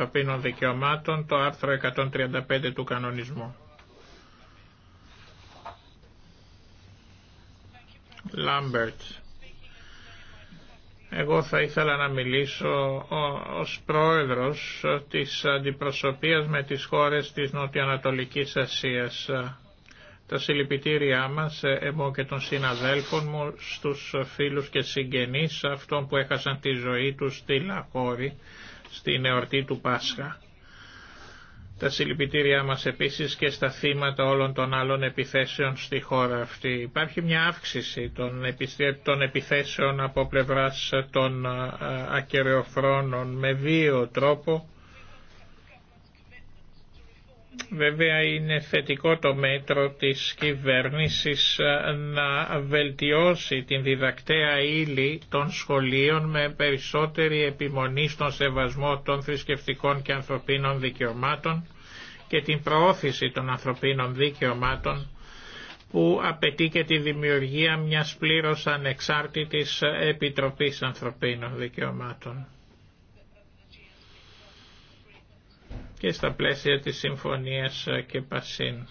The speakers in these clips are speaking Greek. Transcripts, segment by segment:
Ανθρωπίνων Δικαιωμάτων, το άρθρο 135 του κανονισμού. Λάμπερτ. Εγώ θα ήθελα να μιλήσω ως πρόεδρος της αντιπροσωπείας με τις χώρες της Νοτιοανατολικής Ασίας. Τα συλληπιτήριά μας, εγώ και των συναδέλφων μου, στους φίλους και συγγενείς αυτών που έχασαν τη ζωή τους στη Λαχώρη στην εορτή του Πάσχα. Τα συλληπιτήριά μας επίσης και στα θύματα όλων των άλλων επιθέσεων στη χώρα αυτή. Υπάρχει μια αύξηση των επιθέσεων από πλευράς των ε, ακεραιοφρόνων με δύο τρόπο Βέβαια είναι θετικό το μέτρο της κυβέρνησης ε, να βελτιώσει την διδακτέα ύλη των σχολείων με περισσότερη επιμονή στον σεβασμό των θρησκευτικών και ανθρωπίνων δικαιωμάτων και την προώθηση των ανθρωπίνων δικαιωμάτων που απαιτεί και τη δημιουργία μιας πλήρως ανεξάρτητης Επιτροπής Ανθρωπίνων Δικαιωμάτων. και στα πλαίσια της Συμφωνίας ε, και Πασίν.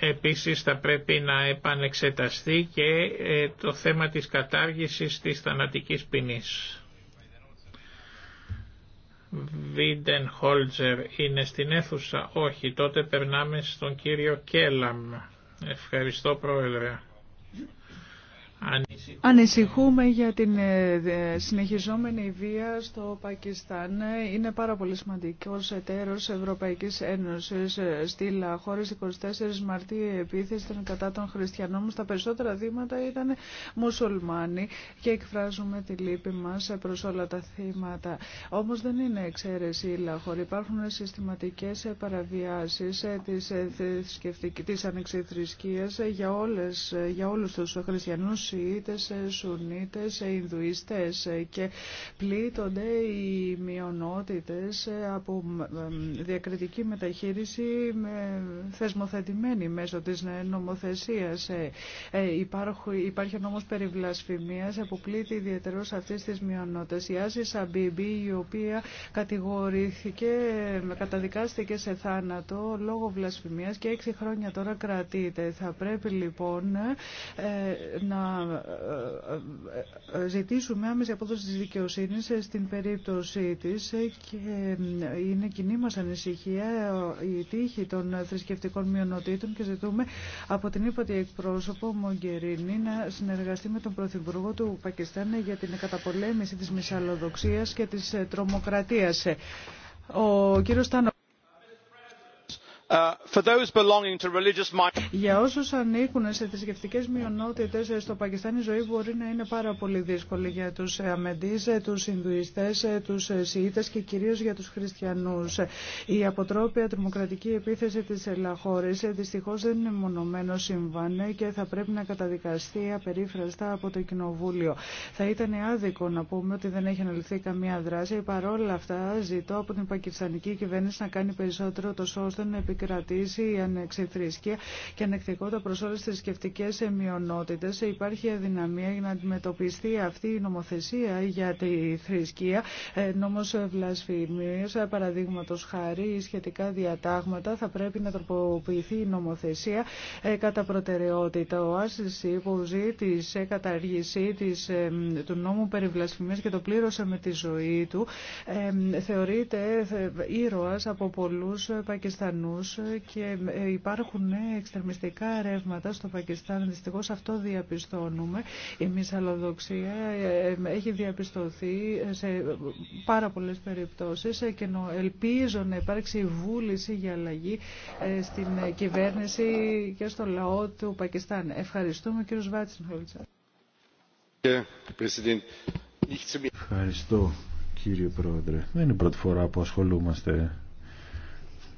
Επίσης θα πρέπει να επανεξεταστεί και ε, το θέμα της κατάργησης της θανατικής ποινής. Βίντεν Χόλτζερ είναι στην αίθουσα. Όχι, τότε περνάμε στον κύριο Κέλαμ. Ευχαριστώ πρόεδρε. Ανησυχούμε για την ε, συνεχιζόμενη βία στο Πακιστάν. Είναι πάρα πολύ σημαντικό εταίρο Ευρωπαϊκής Ένωσης Στη Λαχώρη 24 Μαρτίου η επίθεση κατά των χριστιανών. Στα τα περισσότερα δήματα ήταν μουσουλμάνοι και εκφράζουμε τη λύπη μας προ όλα τα θύματα. Όμως δεν είναι εξαίρεση η Λαχώρη. Υπάρχουν συστηματικέ παραβιάσει ε, τη ε, ανεξιθρησκείας για, όλες, για όλου του χριστιανού, Σουνίτε ή ειδουιστέ και πλήτουνται οι μειωνότητε από διακριτική μεταχείρηση θεσμοθετημένοι μέσω τη νομοθεσία. Υπάρχουν όμω περιβλασφημία που πλείται ιδιαίτερα αυτή τη μειωνότητε, Σουνίτες, Ινδουιστές και πλήττονται οι μειονότητες από διακριτική μεταχείριση με θεσμοθετημένη μέσω της νομοθεσίας. Ε, ε, υπάρχει ο νόμος περί βλασφημία που πλήττει ιδιαίτερως αυτές τις μειονότητες. Η Άση Σαμπίμπη η οποία κατηγορήθηκε, καταδικάστηκε σε θάνατο λόγω βλασφημίας και έξι χρόνια τώρα κρατείται. Θα πρέπει λοιπόν ε, να ζητήσουμε άμεση απόδοση της δικαιοσύνης στην περίπτωσή της και είναι κοινή μας ανησυχία η τύχη των θρησκευτικών μειονοτήτων και ζητούμε από την ύπατη εκπρόσωπο Μογκερίνη να συνεργαστεί με τον Πρωθυπουργό του Πακιστάν για την καταπολέμηση της μυσαλλοδοξίας και της τρομοκρατίας. Ο κύριος Uh, για όσους ανήκουν σε θρησκευτικές μειονότητες ε, στο Πακιστάν η ζωή μπορεί να είναι πάρα πολύ δύσκολη για τους ε, Αμεντίς, ε, τους Ινδουιστές, τους Σιήτες και κυρίως για τους Χριστιανούς. Η αποτρόπια τρομοκρατική επίθεση της Ελλαχώρης δυστυχώς δεν είναι μονομένο συμβάν και θα πρέπει να καταδικαστεί απερίφραστα από το Κοινοβούλιο. Θα ήταν άδικο να πούμε ότι δεν έχει αναλυθεί καμία δράση. Παρόλα αυτά ζητώ από την πακιστανική κυβέρνηση να κάνει περισσότερο τόσο ώστε να επικρατήσει η ανεξιθρησκεία και ανεκτικότητα προ όλε τι θρησκευτικέ μειονότητε. Υπάρχει αδυναμία για να αντιμετωπιστεί αυτή η νομοθεσία για τη θρησκεία. Ε, Νόμο βλασφημία, παραδείγματο χάρη, σχετικά διατάγματα θα πρέπει να τροποποιηθεί η νομοθεσία ε, κατά προτεραιότητα. Ο Άσυση που ζήτησε καταργησή της, ε, του νόμου περί βλασφημίας και το πλήρωσε με τη ζωή του θεωρείται ήρωα από πολλού πακιστανού. Ε, και ε, υπάρχουν ε, εξτρεμιστικά ρεύματα στο Πακιστάν. Δυστυχώ αυτό διαπιστώνουμε. Η μυσαλλοδοξία έχει διαπιστωθεί σε πάρα πολλέ περιπτώσεις και ελπίζω να υπάρξει βούληση για αλλαγή στην κυβέρνηση και στο λαό του Πακιστάν. Ευχαριστούμε κύριο Βάτσινχολτσα. Ευχαριστώ κύριε Πρόεδρε. Δεν είναι η πρώτη φορά που ασχολούμαστε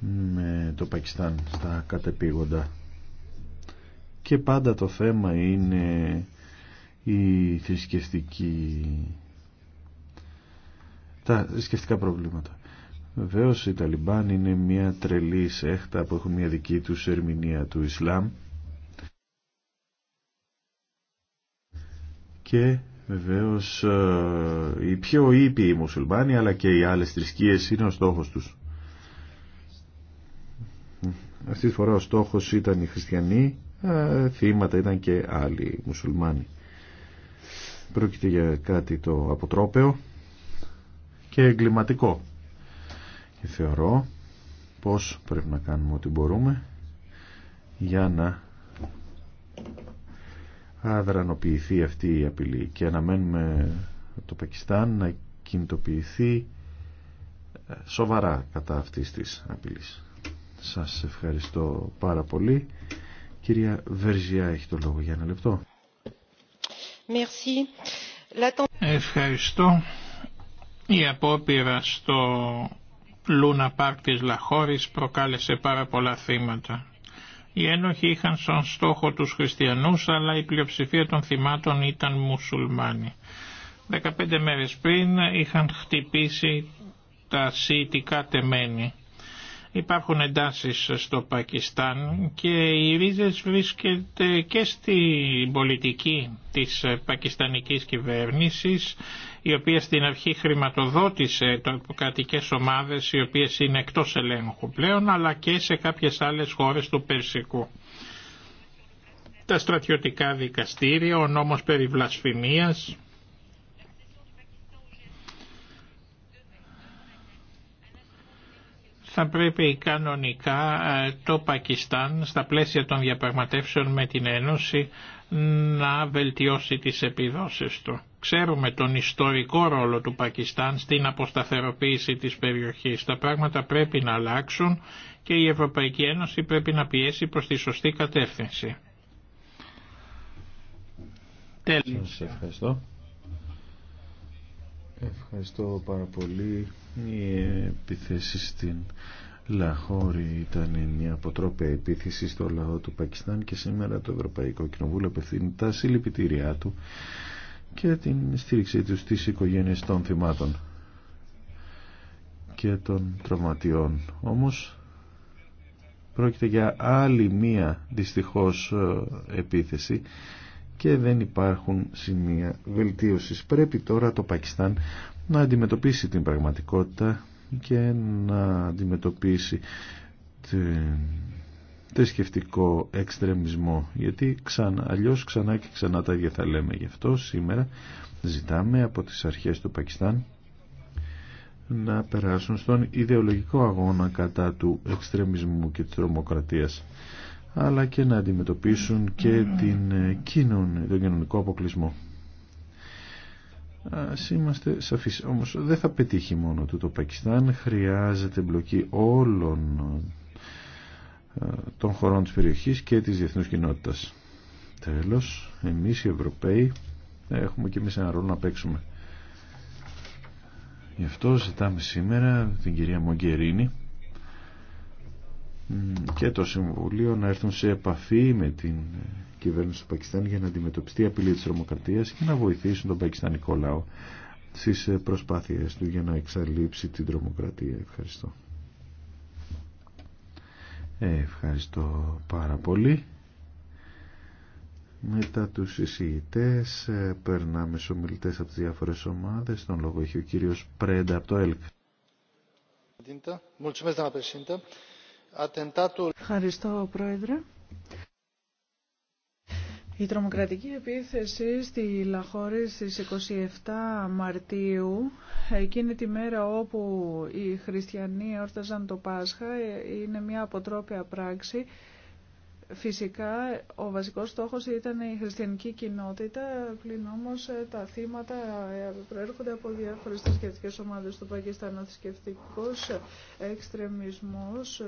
με το Πακιστάν στα κατεπήγοντα. Και πάντα το θέμα είναι η θρησκευτική... τα θρησκευτικά προβλήματα. Βεβαίω οι Ταλιμπάν είναι μια τρελή σέχτα που έχουν μια δική του ερμηνεία του Ισλάμ και βεβαίως ε, οι πιο ήπιοι μουσουλμάνοι αλλά και οι άλλες θρησκείες είναι ο στόχος τους. Αυτή τη φορά ο στόχος ήταν οι χριστιανοί, ε, θύματα ήταν και άλλοι μουσουλμάνοι. Πρόκειται για κάτι το αποτρόπαιο και εγκληματικό. Και θεωρώ πως πρέπει να κάνουμε ό,τι μπορούμε για να αδρανοποιηθεί αυτή η απειλή και να αναμένουμε το Πακιστάν να κινητοποιηθεί ε, σοβαρά κατά αυτής της απειλής. Σας ευχαριστώ πάρα πολύ. Κυρία Βερζιά έχει το λόγο για ένα λεπτό. Ευχαριστώ. Η απόπειρα στο Λούνα Πάρκ της Λαχώρης προκάλεσε πάρα πολλά θύματα. Οι ένοχοι είχαν σαν στόχο τους χριστιανούς, αλλά η πλειοψηφία των θυμάτων ήταν μουσουλμάνοι. 15 μέρες πριν είχαν χτυπήσει τα σιητικά τεμένη. Υπάρχουν εντάσεις στο Πακιστάν και οι ρίζες βρίσκεται και στην πολιτική της πακιστανικής κυβέρνησης η οποία στην αρχή χρηματοδότησε τοποκρατικές ομάδες οι οποίες είναι εκτός ελέγχου πλέον αλλά και σε κάποιες άλλες χώρες του Περσικού. Τα στρατιωτικά δικαστήρια, ο νόμος περί βλασφημίας, θα πρέπει κανονικά ε, το Πακιστάν στα πλαίσια των διαπραγματεύσεων με την Ένωση να βελτιώσει τις επιδόσεις του. Ξέρουμε τον ιστορικό ρόλο του Πακιστάν στην αποσταθεροποίηση της περιοχής. Τα πράγματα πρέπει να αλλάξουν και η Ευρωπαϊκή Ένωση πρέπει να πιέσει προς τη σωστή κατεύθυνση. Τέλος. ευχαριστώ. Ευχαριστώ πάρα πολύ. Η επιθέση στην Λαχώρη ήταν μια αποτρόπια επίθεση στο λαό του Πακιστάν και σήμερα το Ευρωπαϊκό Κοινοβούλιο απευθύνει τα συλληπιτήριά του και την στήριξή του στις οικογένειες των θυμάτων και των τροματιών. Όμως πρόκειται για άλλη μία δυστυχώς ε, επίθεση και δεν υπάρχουν σημεία βελτίωσης. Πρέπει τώρα το Πακιστάν να αντιμετωπίσει την πραγματικότητα και να αντιμετωπίσει τη θρησκευτικό εξτρεμισμό γιατί ξανά, αλλιώς ξανά και ξανά τα ίδια θα λέμε γι' αυτό σήμερα ζητάμε από τις αρχές του Πακιστάν να περάσουν στον ιδεολογικό αγώνα κατά του εξτρεμισμού και της τρομοκρατίας αλλά και να αντιμετωπίσουν και την, ε, τον κοινωνικό αποκλεισμό Ας είμαστε σαφείς. Όμως δεν θα πετύχει μόνο του το Πακιστάν. Χρειάζεται μπλοκή όλων ε, των χωρών της περιοχής και της διεθνούς κοινότητας. Τέλος, εμείς οι Ευρωπαίοι έχουμε και εμείς ένα ρόλο να παίξουμε. Γι' αυτό ζητάμε σήμερα την κυρία Μογκερίνη και το Συμβουλίο να έρθουν σε επαφή με την κυβέρνηση του Πακιστάν για να αντιμετωπιστεί η απειλή τη τρομοκρατία και να βοηθήσουν τον πακιστανικό λαό στι ε, προσπάθειε του για να εξαλείψει την τρομοκρατία. Ευχαριστώ. Ε, ευχαριστώ πάρα πολύ. Μετά του εισηγητέ, ε, περνάμε στου ομιλητέ από τι διάφορε ομάδε. Τον λόγο έχει ο κύριο Πρέντα από το ΕΛΚ. Ευχαριστώ, Πρόεδρε. Η τρομοκρατική επίθεση στη Λαχώρη στις 27 Μαρτίου, εκείνη τη μέρα όπου οι χριστιανοί όρταζαν το Πάσχα, ε, είναι μια αποτρόπια πράξη Φυσικά ο βασικός στόχος ήταν η χριστιανική κοινότητα, πλην όμως ε, τα θύματα ε, προέρχονται από διάφορες θρησκευτικές ομάδες του Πακιστάν. Ο θρησκευτικός ε, εξτρεμισμός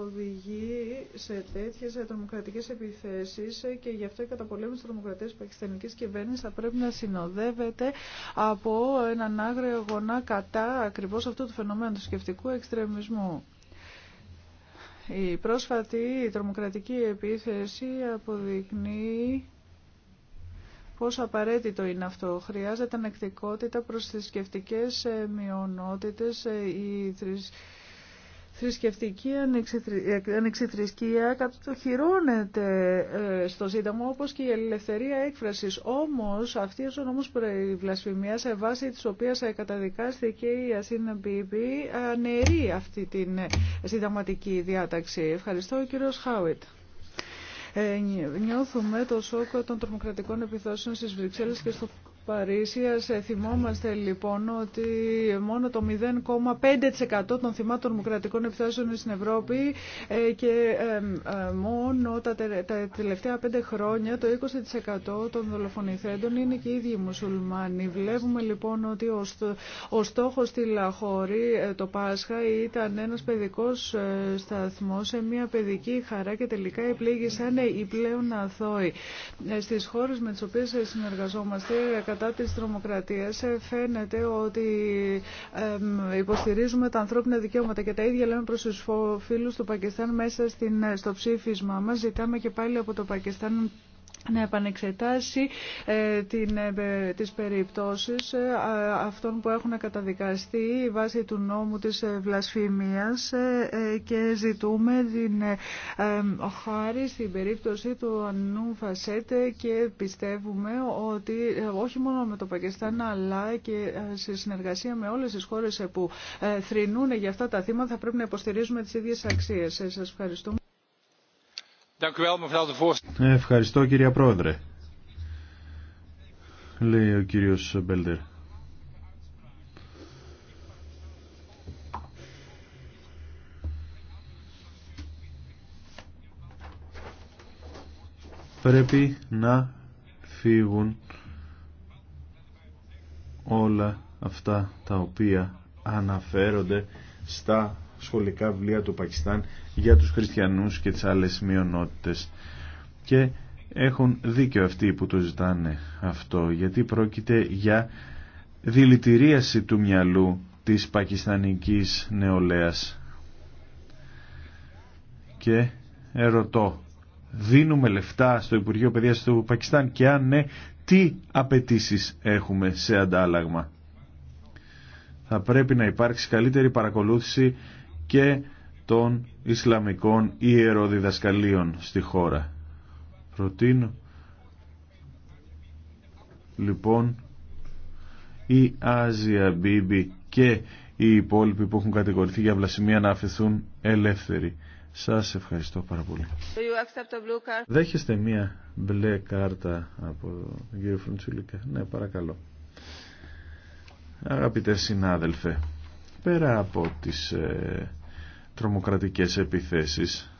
οδηγεί σε τέτοιες τρομοκρατικές επιθέσεις και γι' αυτό η καταπολέμηση τρομοκρατίας της πακιστανικής κυβέρνησης θα πρέπει να συνοδεύεται από έναν άγριο γονά κατά ακριβώς αυτού του φαινομένου του θρησκευτικού εξτρεμισμού. Η πρόσφατη τρομοκρατική επίθεση αποδεικνύει πόσο απαραίτητο είναι αυτό. Χρειάζεται ανεκτικότητα προς θρησκευτικέ ε, μειονότητες, ε, οι θρησκευτική ανεξιθρησκεία κατοχυρώνεται ε, στο Σύνταγμα όπως και η ελευθερία έκφρασης. Όμως αυτή ο νόμος βλασφημία σε βάση της οποίας καταδικάστηκε η Ασίνα Μπίμπη αναιρεί αυτή την συνταγματική διάταξη. Ευχαριστώ κύριος Χάουιτ. Ε, νιώθουμε το σόκο των τρομοκρατικών επιθώσεων στις Βρυξέλλες και στο Παρίσιας. Ε, θυμόμαστε λοιπόν ότι μόνο το 0,5% των θυμάτων δημοκρατικών επιθέσεων στην Ευρώπη ε, και ε, μόνο τα τελευταία πέντε χρόνια το 20% των δολοφονηθέντων είναι και οι ίδιοι μουσουλμάνοι. Βλέπουμε λοιπόν ότι ο στόχος στη Λαχώρη το Πάσχα ήταν ένας παιδικός σταθμός σε μια παιδική χαρά και τελικά επλήγησαν οι πλέον αθώοι. Στις χώρες με τις οποίες συνεργαζόμαστε κατά της τρομοκρατίας ε, φαίνεται ότι υποστηρίζουμε τα ανθρώπινα δικαιώματα και τα ίδια λέμε προς τους φίλους του Πακιστάν μέσα στην, ε, στο ψήφισμα μας. Ζητάμε και πάλι από το Πακιστάν να επανεξετάσει ε, την, ε, τις περιπτώσεις ε, αυτών που έχουν καταδικαστεί βάσει του νόμου της βλασφημίας και ζητούμε την χάρη στην περίπτωση του Ανού Φασέτε και πιστεύουμε ότι όχι μόνο με το Πακιστάν αλλά και σε συνεργασία με όλες τις χώρες που θρηνούν για αυτά τα θύματα θα πρέπει να υποστηρίζουμε τις ίδιες αξίες. Σας ευχαριστούμε. Ευχαριστώ κυρία Πρόεδρε. Λέει ο κύριος Μπέλτερ. Πρέπει να φύγουν όλα αυτά τα οποία αναφέρονται στα σχολικά βιβλία του Πακιστάν για τους χριστιανούς και τις άλλες μειονότητες. Και έχουν δίκιο αυτοί που το ζητάνε αυτό, γιατί πρόκειται για δηλητηρίαση του μυαλού της πακιστανικής νεολαίας. Και ερωτώ, δίνουμε λεφτά στο Υπουργείο Παιδείας του Πακιστάν και αν ναι, τι απαιτήσει έχουμε σε αντάλλαγμα. Θα πρέπει να υπάρξει καλύτερη παρακολούθηση και των Ισλαμικών ιεροδιδασκαλίων στη χώρα. Προτείνω λοιπόν η Άζια Μπίμπη και οι υπόλοιποι που έχουν κατηγορηθεί για βλασιμία να αφαιθούν ελεύθεροι. Σας ευχαριστώ πάρα πολύ. Δέχεστε μία μπλε κάρτα από τον κύριο Φρουντσουλίκα. Ναι, παρακαλώ. Αγαπητέ συνάδελφε, πέρα από τις ε, τρομοκρατικές επιθέσεις.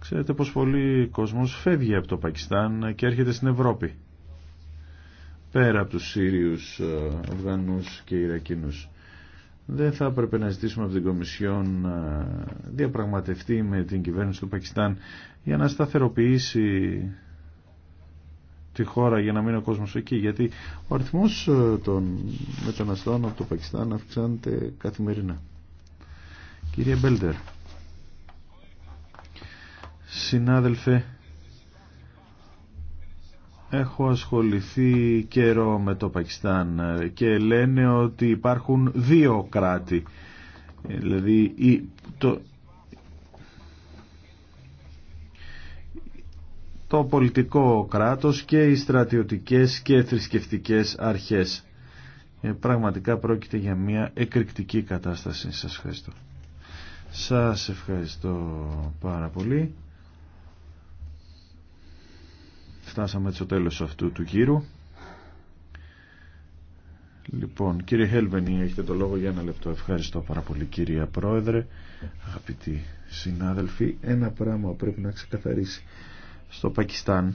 Ξέρετε πως πολλοί κόσμος φεύγει από το Πακιστάν και έρχεται στην Ευρώπη. Πέρα από τους Σύριους, ε, Αφγανούς και Ιρακίνους. Δεν θα έπρεπε να ζητήσουμε από την Κομισιόν να διαπραγματευτεί με την κυβέρνηση του Πακιστάν για να σταθεροποιήσει τη χώρα για να μείνει ο κόσμος εκεί. Γιατί ο αριθμός ε, των μεταναστών από το Πακιστάν αυξάνεται καθημερινά. Κύριε Μπέλτερ, συνάδελφε, έχω ασχοληθεί καιρό με το Πακιστάν και λένε ότι υπάρχουν δύο κράτη. Δηλαδή, το, το πολιτικό κράτος και οι στρατιωτικές και θρησκευτικές αρχές. Ε, πραγματικά πρόκειται για μια εκρηκτική κατάσταση. Σας ευχαριστώ. Σας ευχαριστώ πάρα πολύ. Φτάσαμε στο τέλος αυτού του γύρου. Λοιπόν, κύριε Χέλβενη, έχετε το λόγο για ένα λεπτό. Ευχαριστώ πάρα πολύ κύριε Πρόεδρε, αγαπητοί συνάδελφοι. Ένα πράγμα πρέπει να ξεκαθαρίσει. Στο Πακιστάν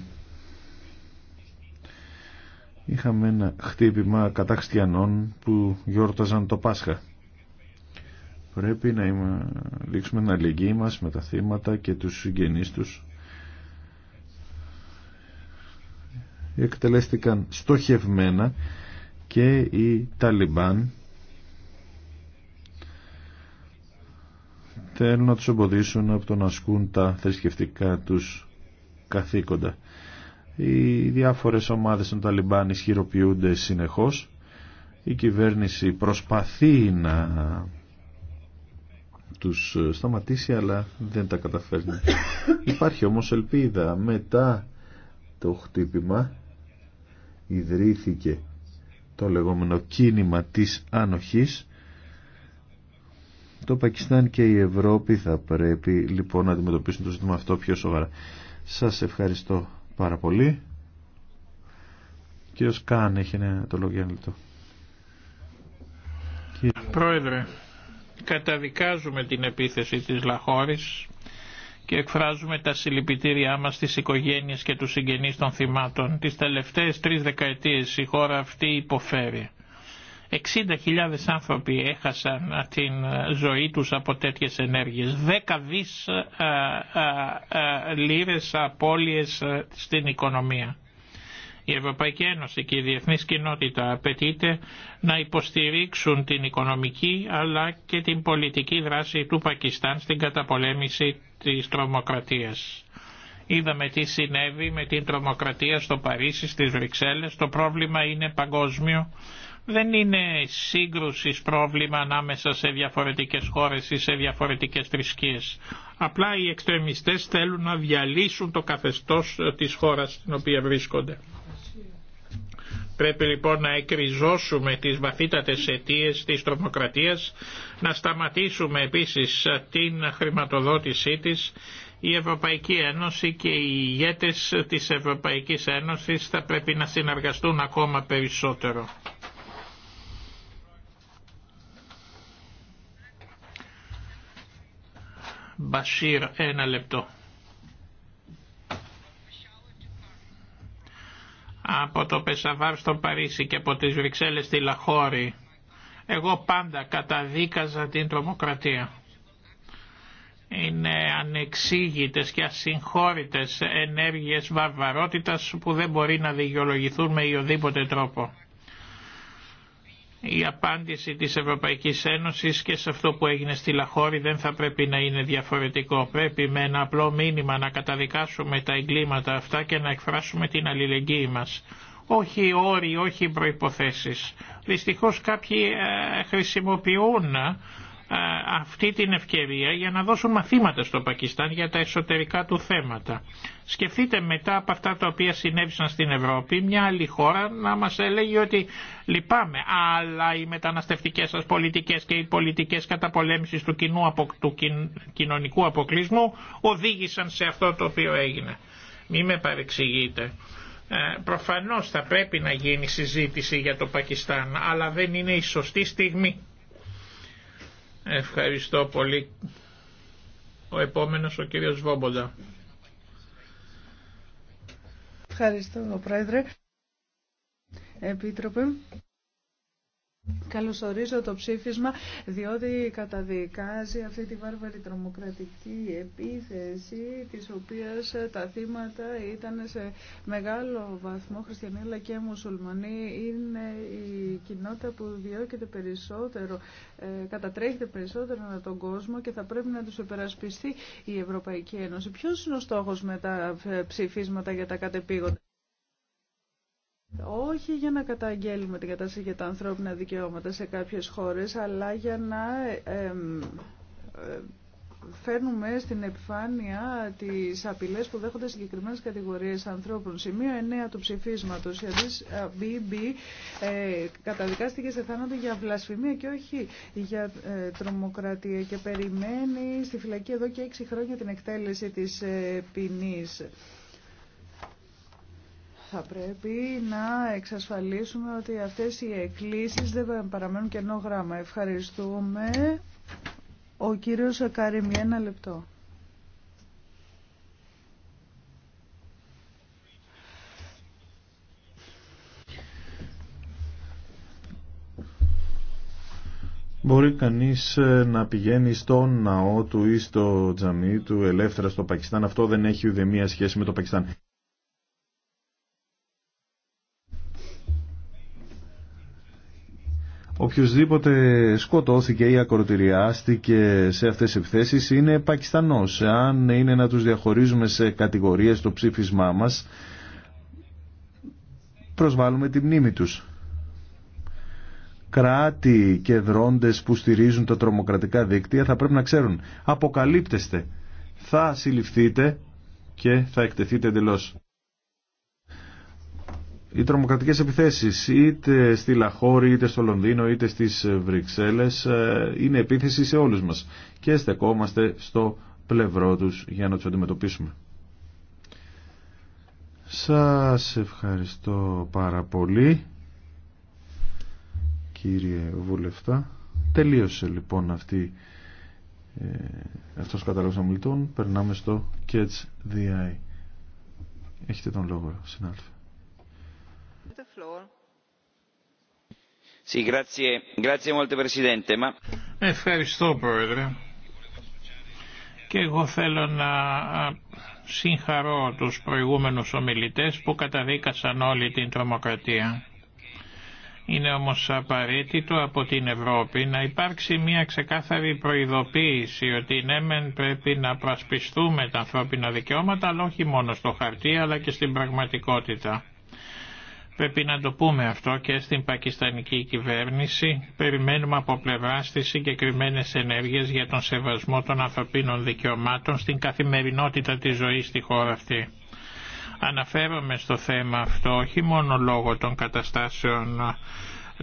είχαμε ένα χτύπημα κατά που γιόρταζαν το Πάσχα. Πρέπει να λήξουμε την αλληλεγγύη μας με τα θύματα και τους συγγενείς τους. Εκτελέστηκαν στοχευμένα και οι Ταλιμπάν θέλουν να τους εμποδίσουν από το να ασκούν τα θρησκευτικά τους καθήκοντα. Οι διάφορες ομάδες των Ταλιμπάν ισχυροποιούνται συνεχώς. Η κυβέρνηση προσπαθεί να τους ε, σταματήσει αλλά δεν τα καταφέρνει. Υπάρχει όμως ελπίδα. Μετά το χτύπημα ιδρύθηκε το λεγόμενο κίνημα της ανοχής. Το Πακιστάν και η Ευρώπη θα πρέπει λοιπόν να αντιμετωπίσουν το ζήτημα αυτό πιο σοβαρά. Σας ευχαριστώ πάρα πολύ. Κύριος Κάν έχει το λόγο για Πρόεδρε, καταδικάζουμε την επίθεση της Λαχώρης και εκφράζουμε τα συλληπιτήριά μας στις οικογένειες και τους συγγενείς των θυμάτων. Τις τελευταίες τρεις δεκαετίες η χώρα αυτή υποφέρει. 60.000 άνθρωποι έχασαν την ζωή τους από τέτοιες ενέργειες. 10 δις α, ε, α, ε, ε, λίρες απώλειες στην οικονομία. Η Ευρωπαϊκή Ένωση και η διεθνής κοινότητα απαιτείται να υποστηρίξουν την οικονομική αλλά και την πολιτική δράση του Πακιστάν στην καταπολέμηση της τρομοκρατίας. Είδαμε τι συνέβη με την τρομοκρατία στο Παρίσι, στις Βρυξέλλες. Το πρόβλημα είναι παγκόσμιο. Δεν είναι σύγκρουση πρόβλημα ανάμεσα σε διαφορετικές χώρες ή σε διαφορετικές θρησκείες. Απλά οι εξτρεμιστές θέλουν να διαλύσουν το καθεστώς της χώρας στην οποία βρίσκονται. Πρέπει λοιπόν να εκριζώσουμε τις βαθύτατες αιτίε της τρομοκρατίας, να σταματήσουμε επίσης την χρηματοδότησή της. Η Ευρωπαϊκή Ένωση και οι ηγέτες της Ευρωπαϊκής Ένωσης θα πρέπει να συνεργαστούν ακόμα περισσότερο. Μπασίρ, ένα λεπτό. από το Πεσαβάρ στο Παρίσι και από τις Βρυξέλλες στη Λαχώρη. Εγώ πάντα καταδίκαζα την τρομοκρατία. Είναι ανεξήγητες και ασυγχώρητες ενέργειες βαρβαρότητας που δεν μπορεί να δικαιολογηθούν με οποιοδήποτε τρόπο. Η απάντηση της Ευρωπαϊκής Ένωσης και σε αυτό που έγινε στη Λαχώρη δεν θα πρέπει να είναι διαφορετικό. Πρέπει με ένα απλό μήνυμα να καταδικάσουμε τα εγκλήματα αυτά και να εκφράσουμε την αλληλεγγύη μας. Όχι όροι, όχι προϋποθέσεις. Δυστυχώς κάποιοι ε, χρησιμοποιούν ε, αυτή την ευκαιρία για να δώσουν μαθήματα στο Πακιστάν για τα εσωτερικά του θέματα. Σκεφτείτε μετά από αυτά τα οποία συνέβησαν στην Ευρώπη μια άλλη χώρα να μας έλεγε ότι λυπάμαι αλλά οι μεταναστευτικές σας πολιτικές και οι πολιτικές καταπολέμησης του, κοινού, του κοινωνικού αποκλεισμού οδήγησαν σε αυτό το οποίο έγινε. Μη με παρεξηγείτε. Ε, προφανώς θα πρέπει να γίνει συζήτηση για το Πακιστάν αλλά δεν είναι η σωστή στιγμή. Ευχαριστώ πολύ. Ο επόμενος ο κύριος Βόμποντα. Ευχαριστώ, Πρόεδρε. Επίτροπε. Καλωσορίζω το ψήφισμα διότι καταδικάζει αυτή τη βάρβαρη τρομοκρατική επίθεση της οποίας τα θύματα ήταν σε μεγάλο βαθμό χριστιανοί αλλά και μουσουλμανοί. Είναι η κοινότητα που διώκεται περισσότερο, ε, κατατρέχεται περισσότερο με τον κόσμο και θα πρέπει να τους υπερασπιστεί η Ευρωπαϊκή Ένωση. Ποιος είναι ο στόχος με τα ψηφίσματα για τα κατεπήγοντα. Όχι για να καταγγέλουμε την κατάσταση για τα ανθρώπινα δικαιώματα σε κάποιες χώρες, αλλά για να ε, φέρνουμε στην επιφάνεια τις απειλές που δέχονται συγκεκριμένες κατηγορίες ανθρώπων. Σημείο 9 του ψηφίσματος, η BB ε, ε, καταδικάστηκε σε θάνατο για βλασφημία και όχι για ε, τρομοκρατία και περιμένει στη φυλακή εδώ και 6 χρόνια την εκτέλεση της ε, θα πρέπει να εξασφαλίσουμε ότι αυτές οι εκκλήσεις δεν παραμένουν κενό γράμμα. Ευχαριστούμε. Ο κύριος Καρυμή, ένα λεπτό. Μπορεί κανείς ε, να πηγαίνει στον ναό του ή στο τζαμί του ελεύθερα στο Πακιστάν. Αυτό δεν έχει ουδεμία σχέση με το Πακιστάν. οποιοδήποτε σκοτώθηκε ή ακροτηριάστηκε σε αυτές τις επιθέσεις είναι Πακιστανός. Αν είναι να τους διαχωρίζουμε σε κατηγορίες το ψήφισμά μας, προσβάλλουμε τη μνήμη τους. Κράτη και δρόντες που στηρίζουν τα τρομοκρατικά δίκτυα θα πρέπει να ξέρουν. Αποκαλύπτεστε. Θα συλληφθείτε και θα εκτεθείτε εντελώς οι τρομοκρατικές επιθέσεις είτε στη Λαχώρη, είτε στο Λονδίνο, είτε στις Βρυξέλλες ε, είναι επίθεση σε όλους μας και στεκόμαστε στο πλευρό τους για να τους αντιμετωπίσουμε. Σας ευχαριστώ πάρα πολύ κύριε Βουλευτά. Τελείωσε λοιπόν αυτή, ε, αυτός ο καταλόγος Περνάμε στο Catch the Eye. Έχετε τον λόγο, συνάδελφε. Ευχαριστώ Πρόεδρε. Και εγώ θέλω να συγχαρώ τους προηγούμενους ομιλητές που καταδίκασαν όλη την τρομοκρατία. Είναι όμως απαραίτητο από την Ευρώπη να υπάρξει μια ξεκάθαρη προειδοποίηση ότι ναι μεν πρέπει να προασπιστούμε τα ανθρώπινα δικαιώματα αλλά όχι μόνο στο χαρτί αλλά και στην πραγματικότητα. Πρέπει να το πούμε αυτό και στην πακιστανική κυβέρνηση. Περιμένουμε από πλευρά στι συγκεκριμένε ενέργειε για τον σεβασμό των ανθρωπίνων δικαιωμάτων στην καθημερινότητα τη ζωή στη χώρα αυτή. Αναφέρομαι στο θέμα αυτό όχι μόνο λόγω των καταστάσεων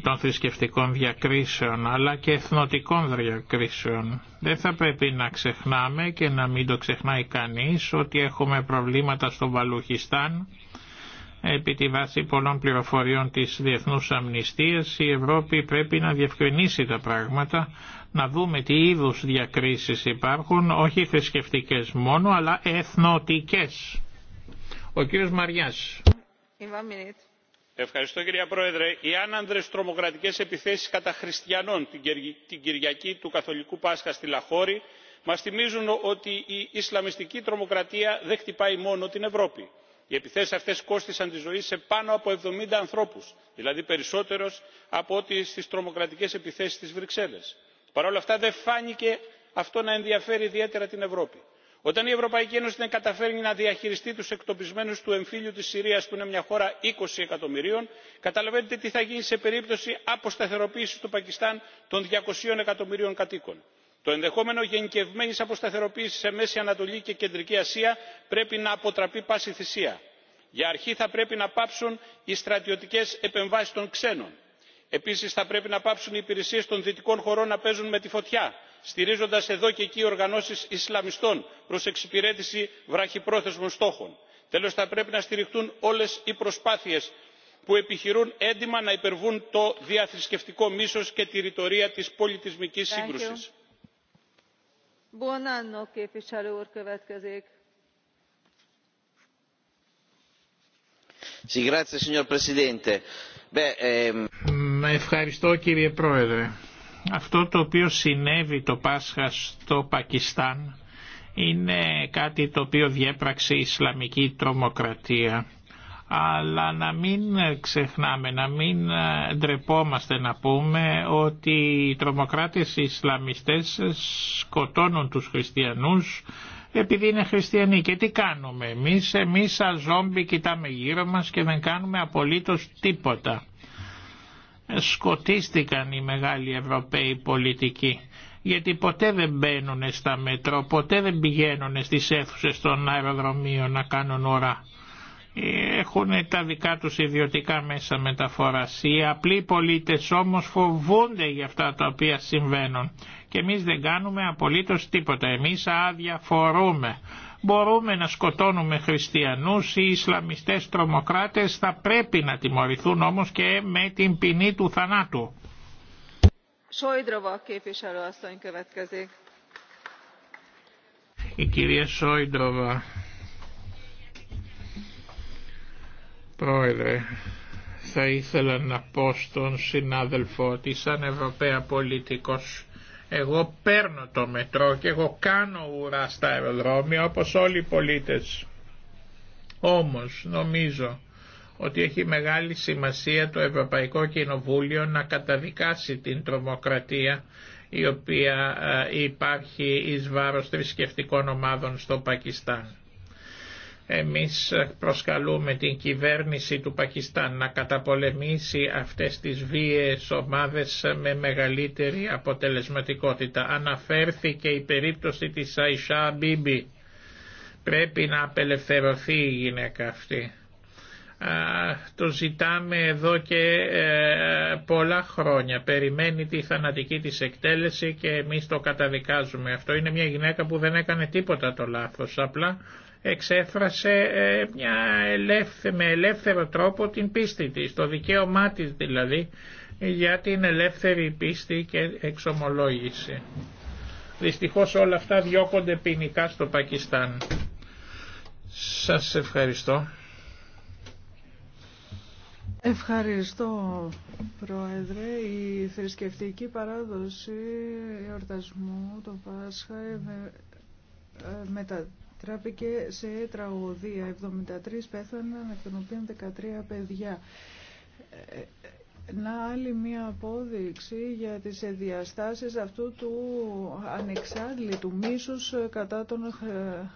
των θρησκευτικών διακρίσεων αλλά και εθνοτικών διακρίσεων. Δεν θα πρέπει να ξεχνάμε και να μην το ξεχνάει κανείς ότι έχουμε προβλήματα στο Βαλουχιστάν επί τη βάση πολλών πληροφοριών της Διεθνούς Αμνηστίας η Ευρώπη πρέπει να διευκρινίσει τα πράγματα, να δούμε τι είδους διακρίσεις υπάρχουν, όχι θρησκευτικέ μόνο, αλλά εθνοτικές. Ο κύριος Μαριάς. Ευχαριστώ κυρία Πρόεδρε. Οι άνανδρες τρομοκρατικές επιθέσεις κατά χριστιανών την Κυριακή του Καθολικού Πάσχα στη Λαχώρη μας θυμίζουν ότι η Ισλαμιστική τρομοκρατία δεν χτυπάει μόνο την Ευρώπη οι επιθέσεις αυτές κόστισαν τη ζωή σε πάνω από 70 ανθρώπους δηλαδή περισσότερος από ό,τι στις τρομοκρατικές επιθέσεις στις βρυξέλλες. παρ' όλα αυτά δεν φάνηκε αυτό να ενδιαφέρει ιδιαίτερα την ευρώπη. όταν η ευρωπαϊκή ένωση δεν καταφέρνει να διαχειριστεί τους εκτοπισμένους του εμφυλίου της συρίας που είναι μια χώρα 20 εκατομμυρίων καταλαβαίνετε τι θα γίνει σε περίπτωση αποσταθεροποίησης του πακιστάν των 200 εκατομμυρίων κατοίκων το ενδεχόμενο γενικευμένης αποσταθεροποίησης σε μέση ανατολή και κεντρική ασία πρέπει να αποτραπεί πάση θυσία. για αρχή θα πρέπει να πάψουν οι στρατιωτικές επεμβάσεις των ξένων. επίσης θα πρέπει να πάψουν οι υπηρεσίες των δυτικών χωρών να παίζουν με τη φωτιά στηρίζοντας εδώ και εκεί οργανώσεις ισλαμιστών προς εξυπηρέτηση βραχυπρόθεσμων στόχων. τέλος θα πρέπει να στηριχτούν όλες οι προσπάθειες που επιχειρούν έντιμα να υπερβούν το διαθρησκευτικό μίσος και τη ρητορία της πολιτισμικής σύγκρουσης. Ehm, ευχαριστώ κύριε πρόεδρε. αυτό το οποίο συνέβη το πάσχα στο πακιστάν είναι κάτι το οποίο διέπραξε η ισλαμική τρομοκρατία αλλά να μην ξεχνάμε, να μην ντρεπόμαστε να πούμε ότι οι τρομοκράτες οι Ισλαμιστές σκοτώνουν τους χριστιανούς επειδή είναι χριστιανοί. Και τι κάνουμε εμείς, εμείς σαν ζόμπι κοιτάμε γύρω μας και δεν κάνουμε απολύτως τίποτα. Σκοτίστηκαν οι μεγάλοι Ευρωπαίοι πολιτικοί γιατί ποτέ δεν μπαίνουν στα μετρό, ποτέ δεν πηγαίνουν στις αίθουσες των αεροδρομίων να κάνουν ώρα έχουν τα δικά τους ιδιωτικά μέσα μεταφοράς. Οι απλοί πολίτες όμως φοβούνται για αυτά τα οποία συμβαίνουν και εμείς δεν κάνουμε απολύτως τίποτα. Εμείς αδιαφορούμε. Μπορούμε να σκοτώνουμε χριστιανούς ή Ισλαμιστές τρομοκράτες, θα πρέπει να τιμωρηθούν όμως και με την ποινή του θανάτου. Η Πρόεδρε, θα ήθελα να πω στον συνάδελφο ότι σαν Ευρωπαία πολιτικός εγώ παίρνω το μετρό και εγώ κάνω ουρά στα αεροδρόμια όπως όλοι οι πολίτες. Όμως νομίζω ότι έχει μεγάλη σημασία το Ευρωπαϊκό Κοινοβούλιο να καταδικάσει την τρομοκρατία η οποία ε, υπάρχει εις βάρος θρησκευτικών ομάδων στο Πακιστάν. Εμείς προσκαλούμε την κυβέρνηση του Πακιστάν να καταπολεμήσει αυτές τις βίαιες ομάδες με μεγαλύτερη αποτελεσματικότητα. Αναφέρθηκε η περίπτωση της Αϊσά Μπίμπι. Πρέπει να απελευθερωθεί η γυναίκα αυτή. Το ζητάμε εδώ και ε, πολλά χρόνια. Περιμένει τη θανατική της εκτέλεση και εμείς το καταδικάζουμε. Αυτό είναι μια γυναίκα που δεν έκανε τίποτα το λάθος. Απλά εξέφρασε ε, μια ελεύθε, με ελεύθερο τρόπο την πίστη της, το δικαίωμά της δηλαδή για την ελεύθερη πίστη και εξομολόγηση. Δυστυχώς όλα αυτά διώκονται ποινικά στο Πακιστάν. Σας ευχαριστώ. Ευχαριστώ, Πρόεδρε. Η θρησκευτική παράδοση εορτασμού, το Πάσχα, ε, με, ε, μετα, Τράπηκε σε τραγωδία. 73 πέθαναν, εκ των οποίων 13 παιδιά. Ε, ε, να άλλη μία απόδειξη για τις διαστάσεις αυτού του ανεξάρτητου μίσους κατά των ε,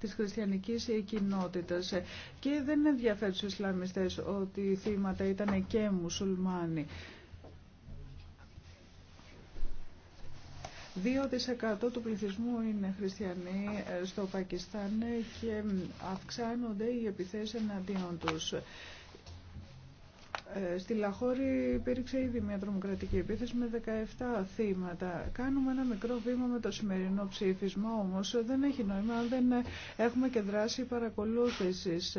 της χριστιανικής κοινότητας και δεν ενδιαφέρει τους Ισλαμιστές ότι οι θύματα ήταν και μουσουλμάνοι. 2% του πληθυσμού είναι χριστιανοί ε, στο Πακιστάν και αυξάνονται οι επιθέσεις εναντίον τους. Ε, στη Λαχώρη υπήρξε ήδη μια τρομοκρατική επίθεση με 17 θύματα. Κάνουμε ένα μικρό βήμα με το σημερινό ψήφισμα, όμως δεν έχει νόημα αν δεν έχουμε και δράση παρακολούθησης.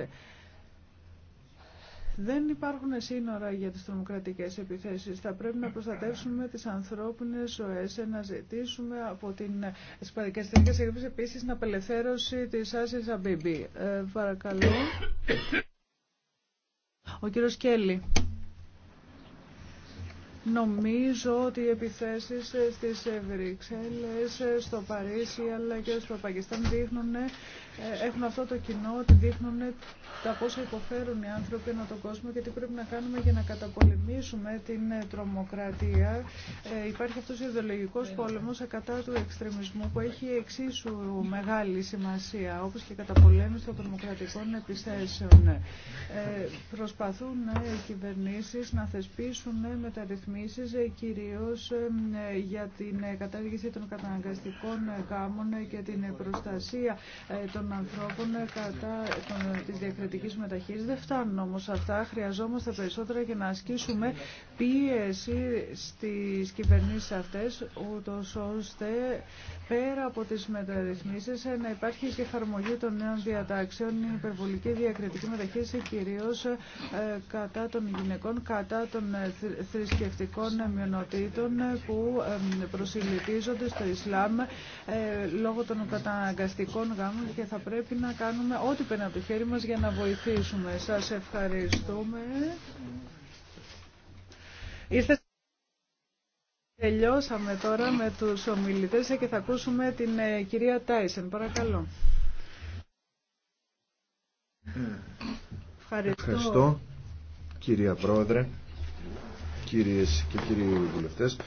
Δεν υπάρχουν σύνορα για τις τρομοκρατικές επιθέσεις. Θα πρέπει να προστατεύσουμε τις ανθρώπινες ζωές, να ζητήσουμε από την Ισπανικαστική Σύγκριση επίσης την απελευθέρωση της Άσης Αμπίμπη. Ε, παρακαλώ. Ο κύριος Κέλλη. Νομίζω ότι οι επιθέσεις στις Βρυξέλλες, στο Παρίσι αλλά και στο Πακιστάν δείχνουν, ε, έχουν αυτό το κοινό ότι δείχνουν τα πόσα υποφέρουν οι άνθρωποι ανά τον κόσμο και τι πρέπει να κάνουμε για να καταπολεμήσουμε την ε, τρομοκρατία. Ε, υπάρχει αυτός ο ιδεολογικός πόλεμος κατά του εξτρεμισμού που έχει εξίσου μεγάλη σημασία όπως και η καταπολέμηση των τρομοκρατικών επιθέσεων. προσπαθούν οι κυβερνήσεις να θεσπίσουν μεταρρυθμίσεις κυρίω ε, κυρίως ε, για την κατάργηση των καταναγκαστικών γάμων και την προστασία ε, των ανθρώπων κατά της διακριτικής μεταχείρισης. Δεν φτάνουν όμως αυτά. Χρειαζόμαστε περισσότερα για να ασκήσουμε πίεση στις κυβερνήσεις αυτές, ούτως ώστε πέρα από τις μεταρρυθμίσεις ε, να υπάρχει και εφαρμογή των νέων διατάξεων, η υπερβολική διακριτική μεταχείριση κυρίως ε, κατά των γυναικών, κατά των ε, θρησκευτικών μειονοτήτων που προσιλητίζονται στο Ισλάμ λόγω των καταναγκαστικών γάμων και θα πρέπει να κάνουμε ό,τι πέρα από το χέρι μας για να βοηθήσουμε. Σας ευχαριστούμε. Τελειώσαμε τώρα με τους ομιλητές και θα ακούσουμε την ε, κυρία Τάισεν. Παρακαλώ. Ευχαριστώ. κυρία Πρόεδρε, κυρίες και κύριοι βουλευτές.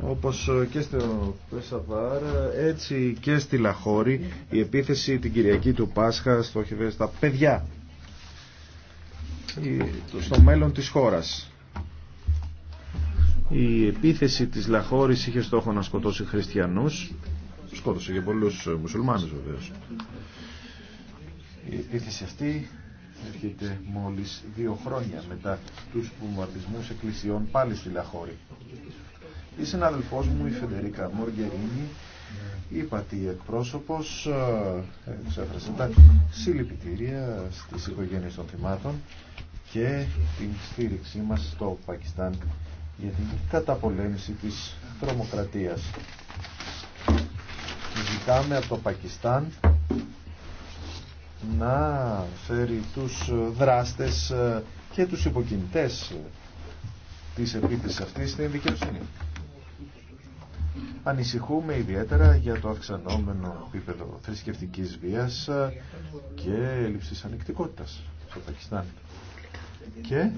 Όπως και στο Πεσαβάρ, έτσι και στη Λαχώρη, η επίθεση την Κυριακή του Πάσχα στο στα παιδιά, στο μέλλον της χώρας η επίθεση της Λαχώρης είχε στόχο να σκοτώσει χριστιανούς, σκότωσε και πολλούς ε, μουσουλμάνους βεβαίως. Η επίθεση αυτή έρχεται μόλις δύο χρόνια μετά τους πουμαρτισμούς εκκλησιών πάλι στη Λαχώρη. Η συναδελφός μου, η Φεντερίκα Μοργερίνη, είπα πατή εκπρόσωπος, ε, εξέφρασε τα συλληπιτήρια στις οικογένειες των θυμάτων και την στήριξή μας στο Πακιστάν για την καταπολέμηση της τρομοκρατίας. Ζητάμε από το Πακιστάν να φέρει τους δράστες ε, και τους υποκινητές ε, της επίθεσης αυτής στην δικαιοσύνη. Ανησυχούμε ιδιαίτερα για το αυξανόμενο επίπεδο θρησκευτικής βίας ε, και έλλειψης ανεκτικότητας στο Πακιστάν. Και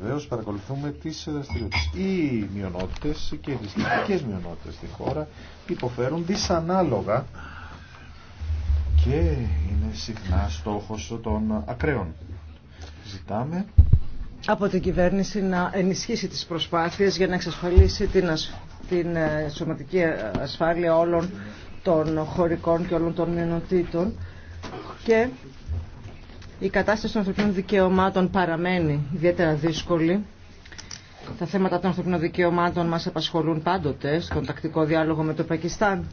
Βεβαίω παρακολουθούμε τις δραστηριότητε. Ε, οι μειονότητες και οι θρησκευτικέ μειονότητες στη χώρα υποφέρουν δυσανάλογα και είναι συχνά στόχο των ακραίων. Ζητάμε από την κυβέρνηση να ενισχύσει τις προσπάθειες για να εξασφαλίσει την, την ε, σωματική ασφάλεια όλων των χωρικών και όλων των μειονοτήτων και η κατάσταση των ανθρωπίνων δικαιωμάτων παραμένει ιδιαίτερα δύσκολη. Τα θέματα των ανθρωπίνων δικαιωμάτων μας απασχολούν πάντοτε στον τακτικό διάλογο με το Πακιστάν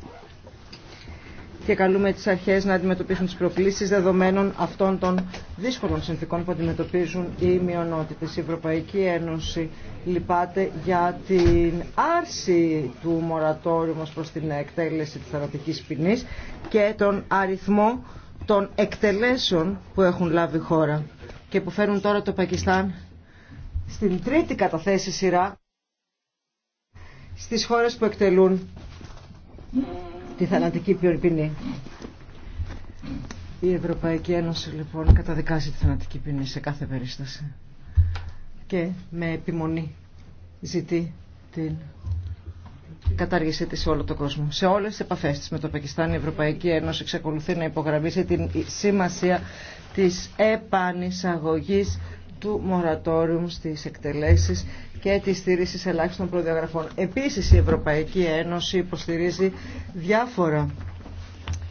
και καλούμε τις αρχές να αντιμετωπίσουν τις προκλήσεις δεδομένων αυτών των δύσκολων συνθήκων που αντιμετωπίζουν οι μειονότητες. Η Ευρωπαϊκή Ένωση λυπάται για την άρση του μορατόριου μας προς την εκτέλεση της θανατικής ποινής και τον αριθμό των εκτελέσεων που έχουν λάβει χώρα και που φέρουν τώρα το Πακιστάν στην τρίτη καταθέση σειρά στις χώρες που εκτελούν τη θανατική ποινή. Η Ευρωπαϊκή Ένωση λοιπόν καταδικάζει τη θανατική ποινή σε κάθε περίσταση και με επιμονή ζητεί την κατάργησε τη σε όλο τον κόσμο. Σε όλες τις επαφές της με το Πακιστάν η Ευρωπαϊκή Ένωση εξακολουθεί να υπογραμμίσει την σημασία της επανεισαγωγή του μορατόριου στι εκτελέσεις και τη στήριξη ελάχιστων προδιαγραφών. Επίσης η Ευρωπαϊκή Ένωση υποστηρίζει διάφορα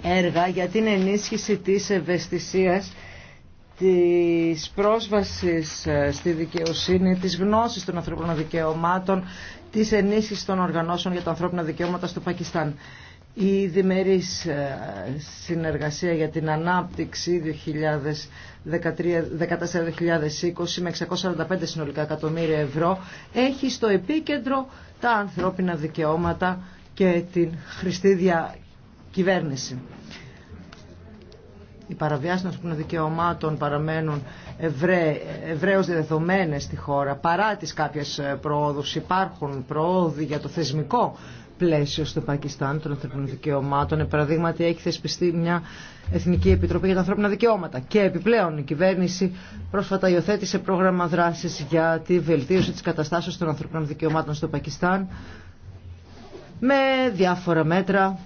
έργα για την ενίσχυση τη ευαισθησία της πρόσβασης ε, στη δικαιοσύνη, της γνώσης των ανθρωπίνων δικαιωμάτων της ενίσχυση των οργανώσεων για τα ανθρώπινα δικαιώματα στο Πακιστάν. Η διμερής ε, συνεργασία για την ανάπτυξη 2014-2020 με 645 συνολικά εκατομμύρια ευρώ έχει στο επίκεντρο τα ανθρώπινα δικαιώματα και την χρηστή διακυβέρνηση οι παραβιάσεις των ανθρωπίνων δικαιωμάτων παραμένουν ευρέ, ευρέως στη χώρα παρά τις κάποιες ε, προόδους υπάρχουν προόδοι για το θεσμικό πλαίσιο στο Πακιστάν των ανθρωπίνων δικαιωμάτων. Ε, παραδείγματι, έχει θεσπιστεί μια Εθνική Επιτροπή για τα Ανθρώπινα Δικαιώματα. Και επιπλέον, η κυβέρνηση πρόσφατα υιοθέτησε πρόγραμμα δράσης για τη βελτίωση της καταστάσεως των ανθρωπίνων δικαιωμάτων στο Πακιστάν με διάφορα μέτρα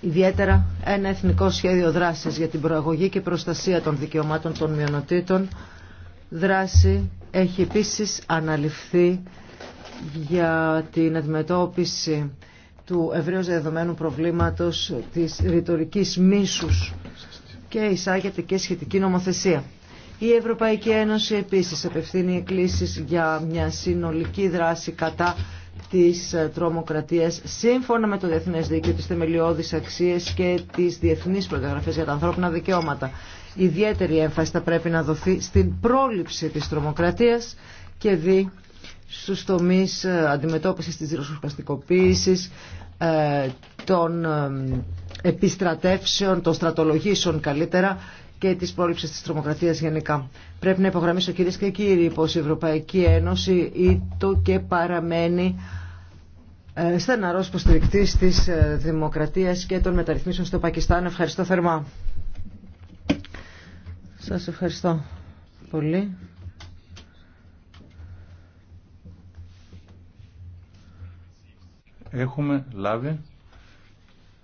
ιδιαίτερα ένα εθνικό σχέδιο δράσης για την προαγωγή και προστασία των δικαιωμάτων των μειονοτήτων. Δράση έχει επίσης αναλυφθεί για την αντιμετώπιση του ευρέως δεδομένου προβλήματος της ρητορικής μίσους και εισάγεται και σχετική νομοθεσία. Η Ευρωπαϊκή Ένωση επίσης απευθύνει εκκλήσεις για μια συνολική δράση κατά της ε, τρομοκρατίας σύμφωνα με το Διεθνές Δίκαιο, τις θεμελιώδεις αξίες και τις διεθνείς προδιαγραφές για τα ανθρώπινα δικαιώματα. Ιδιαίτερη έμφαση θα πρέπει να δοθεί στην πρόληψη της τρομοκρατίας και δι στους τομείς ε, αντιμετώπισης της ρωσοσπαστικοποίησης, ε, των επιστρατεύσεων, των στρατολογήσεων καλύτερα και τη πρόληψη τη τρομοκρατία γενικά. Πρέπει να υπογραμμίσω κυρίε και κύριοι πω η Ευρωπαϊκή Ένωση ήτο και παραμένει ε, στεναρός τη της ε, δημοκρατίας και των μεταρρυθμίσεων στο Πακιστάν. Ευχαριστώ θερμά. Σας ευχαριστώ πολύ. Έχουμε λάβει